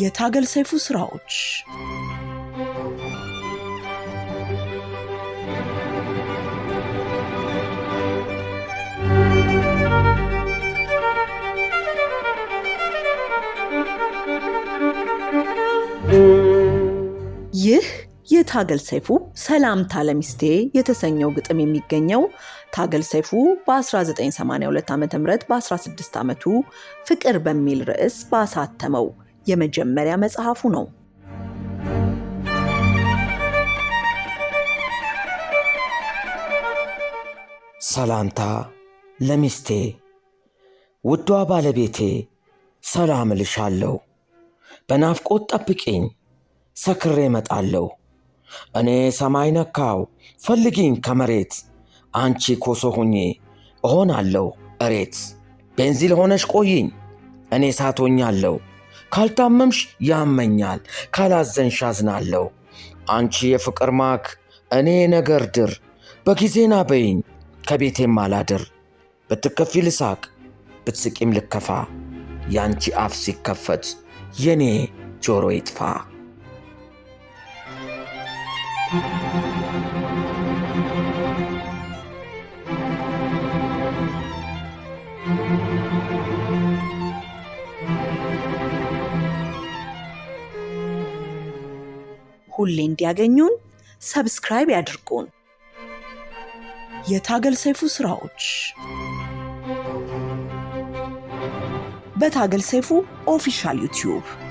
የታገል ሰይፉ ስራዎች ይህ የታገል ሰይፉ ሰላምታ ለሚስቴ የተሰኘው ግጥም የሚገኘው ታገል ሰይፉ በ1982 ዓ ም በ16 ዓመቱ ፍቅር በሚል ርዕስ ባሳተመው የመጀመሪያ መጽሐፉ ነው። ሰላምታ ለሚስቴ ውዷ ባለቤቴ ሰላም እልሻለሁ። በናፍቆት ጠብቂኝ፣ ሰክሬ እመጣለሁ። እኔ ሰማይ ነካው ፈልጊኝ ከመሬት አንቺ ኮሶ ሁኜ እሆናለሁ እሬት። ቤንዚል ሆነሽ ቆይኝ እኔ ሳቶኛለሁ። ካልታመምሽ ያመኛል፣ ካላዘንሽ አዝናለሁ። አንቺ የፍቅር ማክ፣ እኔ ነገር ድር፣ በጊዜና በይኝ ከቤቴም አላድር። ብትከፊ ልሳቅ፣ ብትስቂም ልከፋ፣ ያንቺ አፍ ሲከፈት የኔ ጆሮ ይጥፋ። ሁሌ እንዲያገኙን ሰብስክራይብ ያድርጉን። የታገል ሰይፉ ስራዎች በታገል ሰይፉ ኦፊሻል ዩቲዩብ